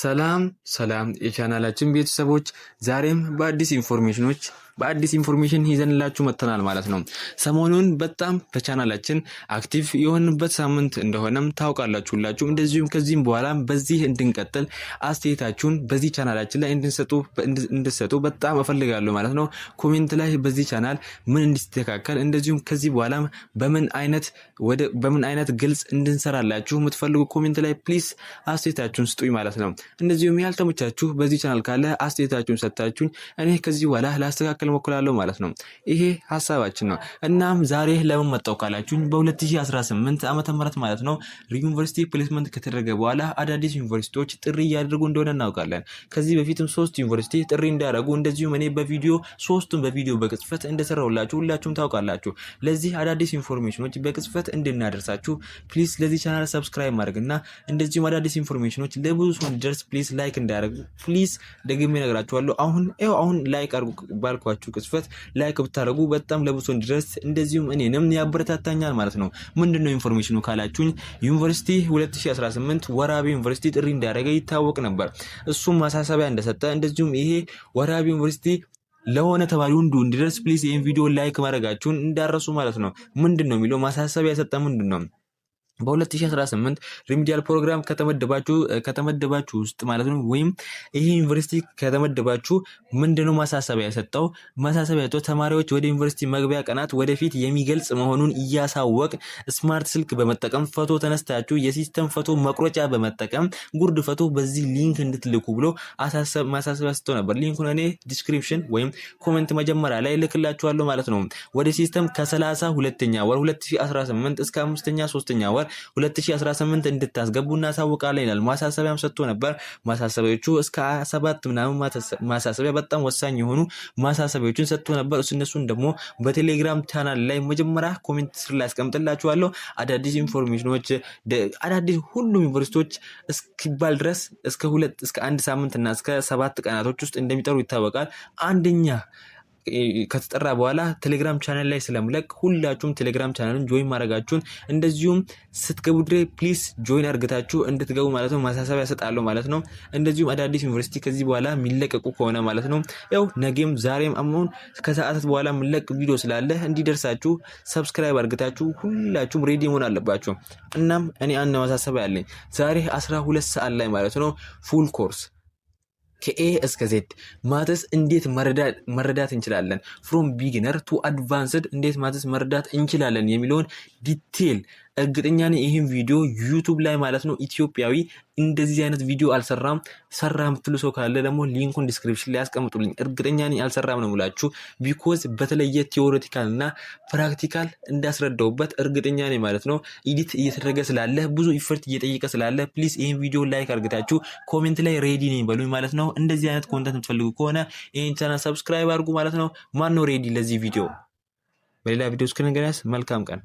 ሰላም ሰላም የቻናላችን ቤተሰቦች ዛሬም በአዲስ ኢንፎርሜሽኖች በአዲስ ኢንፎርሜሽን ይዘንላችሁ መጥተናል ማለት ነው። ሰሞኑን በጣም በቻናላችን አክቲቭ የሆንበት ሳምንት እንደሆነም ታውቃላችሁ እንደዚሁም ከዚህም በኋላ በዚህ እንድንቀጥል አስተያየታችሁን በዚህ ቻናላችን ላይ እንድሰጡ በጣም እፈልጋለሁ ማለት ነው። ኮሜንት ላይ በዚህ ቻናል ምን እንዲስተካከል እንደዚሁም ከዚህ በኋላ በምን አይነት ወደ በምን አይነት ግልጽ እንድንሰራላችሁ የምትፈልጉ ኮሜንት ላይ ፕሊስ አስተያየታችሁን ስጡኝ ማለት ነው። እንደዚሁም ያልተመቻችሁ በዚህ ቻናል ካለ አስተያየታችሁን ሰጥታችሁኝ እኔ ከዚህ በኋላ ላስተካከል በመወከል እሞክላለሁ ማለት ነው። ይሄ ሀሳባችን ነው። እናም ዛሬ ለምን መጣው ካላችሁኝ በ2018 ዓመተ ምህረት ማለት ነው ዩኒቨርሲቲ ፕሌስመንት ከተደረገ በኋላ አዳዲስ ዩኒቨርሲቲዎች ጥሪ እያደረጉ እንደሆነ እናውቃለን። ከዚህ በፊትም ሶስት ዩኒቨርሲቲ ጥሪ እንዳደረጉ እንደዚሁም እኔ በቪዲዮ ሶስቱን በቪዲዮ በቅጽፈት እንደሰራሁላችሁ ሁላችሁም ታውቃላችሁ። ለዚህ አዳዲስ ኢንፎርሜሽኖች በቅጽፈት እንድናደርሳችሁ ፕሊስ ለዚህ ቻናል ሰብስክራይብ ማድረግ እና እንደዚሁም አዳዲስ ኢንፎርሜሽኖች ለብዙ ሰው እንዲደርስ ፕሊዝ ላይክ እንዳደረጉ ፕሊስ ደግሜ እነግራችኋለሁ። አሁን ይኸው አሁን ላይክ አድርጉ ባልኳችሁ በነበራችሁ ቅጽበት ላይክ ብታደረጉ በጣም ለብሶ እንዲደርስ እንደዚሁም እኔንም ያበረታታኛል ማለት ነው። ምንድን ነው ኢንፎርሜሽኑ ካላችሁኝ ዩኒቨርሲቲ 2018 ወራቤ ዩኒቨርሲቲ ጥሪ እንዳደረገ ይታወቅ ነበር። እሱም ማሳሰቢያ እንደሰጠ እንደዚሁም ይሄ ወራቤ ዩኒቨርሲቲ ለሆነ ተማሪ ሁንዱ እንዲደርስ ፕሊስ ይህን ቪዲዮ ላይክ ማድረጋችሁን እንዳረሱ ማለት ነው። ምንድን ነው የሚለው ማሳሰቢያ የሰጠ ምንድን ነው በ2018 ሪሚዲያል ፕሮግራም ከተመደባችሁ ከተመደባችሁ ውስጥ ማለት ነው ወይም ይህ ዩኒቨርሲቲ ከተመደባችሁ ምንድነው ማሳሰቢያ የሰጠው? ማሳሰቢያ ቶ ተማሪዎች ወደ ዩኒቨርሲቲ መግቢያ ቀናት ወደፊት የሚገልጽ መሆኑን እያሳወቅ ስማርት ስልክ በመጠቀም ፈቶ ተነስታችሁ የሲስተም ፈቶ መቁረጫ በመጠቀም ጉርድ ፈቶ በዚህ ሊንክ እንድትልኩ ብሎ ማሳሰቢያ ሰጥቶ ነበር። ሊንኩን እኔ ዲስክሪፕሽን ወይም ኮሜንት መጀመሪያ ላይ ልክላችኋለሁ ማለት ነው። ወደ ሲስተም ከ32ኛ ወር 2018 እስከ አምስተኛ ሶስተኛ ወር 2018 እንድታስገቡ እናሳውቃለን ይላል። ማሳሰቢያም ሰጥቶ ነበር። ማሳሰቢያዎቹ እስከ 27 ምናምን ማሳሰቢያ በጣም ወሳኝ የሆኑ ማሳሰቢያዎችን ሰጥቶ ነበር። እነሱን ደግሞ በቴሌግራም ቻናል ላይ መጀመሪያ ኮሜንት ስር ላይ አስቀምጥላችኋለሁ። አዳዲስ ኢንፎርሜሽኖች አዳዲስ ሁሉም ዩኒቨርሲቲዎች እስኪባል ድረስ እስከ ሁለት እስከ አንድ ሳምንትና እስከ ሰባት ቀናቶች ውስጥ እንደሚጠሩ ይታወቃል። አንደኛ ከተጠራ በኋላ ቴሌግራም ቻናል ላይ ስለምለቅ ሁላችሁም ቴሌግራም ቻናልን ጆይን ማድረጋችሁን እንደዚሁም ስትገቡ ድሬ ፕሊስ ጆይን አድርግታችሁ እንድትገቡ ማለት ነው ማሳሰቢያ ማለት ነው። እንደዚሁም አዳዲስ ዩኒቨርሲቲ ከዚህ በኋላ የሚለቀቁ ከሆነ ማለት ነው ያው ነገም ዛሬም አሁን ከሰዓታት በኋላ የምለቅ ቪዲዮ ስላለ እንዲደርሳችሁ ሰብስክራይብ አድርግታችሁ ሁላችሁም ሬዲ መሆን አለባችሁ። እናም እኔ አንድ ማሳሰቢያ ያለኝ ዛሬ አስራ ሁለት ሰዓት ላይ ማለት ነው ፉል ኮርስ ከኤ እስከ ዜድ ማተስ እንዴት መረዳት እንችላለን፣ ፍሮም ቢግነር ቱ አድቫንስድ እንዴት ማተስ መረዳት እንችላለን የሚለውን ዲቴል እርግጠኛ ነኝ ይህም ቪዲዮ ዩቱብ ላይ ማለት ነው ኢትዮጵያዊ እንደዚህ አይነት ቪዲዮ አልሰራም። ሰራ የምትሉ ሰው ካለ ደግሞ ሊንኩን ዲስክሪፕሽን ላይ ያስቀምጡልኝ። እርግጠኛ ነኝ አልሰራም ነው ሙላችሁ። ቢኮዝ በተለየ ቴዎሬቲካል እና ፕራክቲካል እንዳስረዳውበት እርግጠኛ ነኝ ማለት ነው። ኢዲት እየተደረገ ስላለ ብዙ ኢፈርት እየጠየቀ ስላለ ፕሊዝ ይህን ቪዲዮ ላይክ አድርግታችሁ ኮሜንት ላይ ሬዲ ነኝ በሉኝ ማለት ነው። እንደዚህ አይነት ኮንተንት የምትፈልጉ ከሆነ ይህን ቻናል ሰብስክራይብ አድርጉ ማለት ነው። ማን ነው ሬዲ ለዚህ ቪዲዮ? በሌላ ቪዲዮ እስክንገናኝ መልካም ቀን